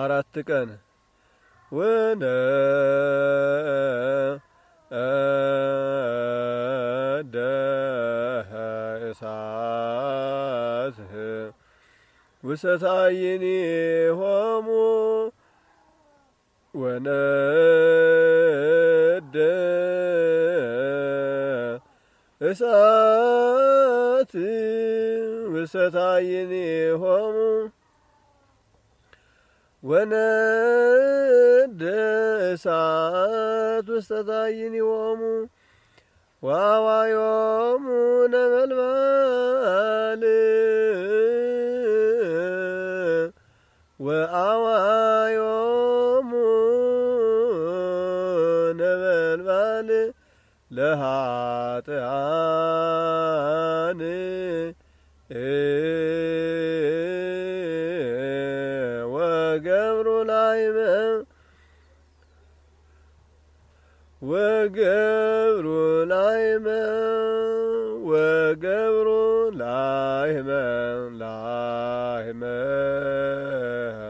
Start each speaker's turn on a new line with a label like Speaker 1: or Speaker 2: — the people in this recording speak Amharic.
Speaker 1: አራት ቀን ወነ ደኸ እሳት ውሰታይኒ ሆሙ ወነ እሳት ውሰታይኒ ሆሙ ወነደሳት እሳት ውስተ ታዕይንዎሙ ወአዋዮሙ ነበልባል ወአዋዮሙ ነበልባል ለኃጥኣን غائبا وقبر نايما وقبر نايما نايما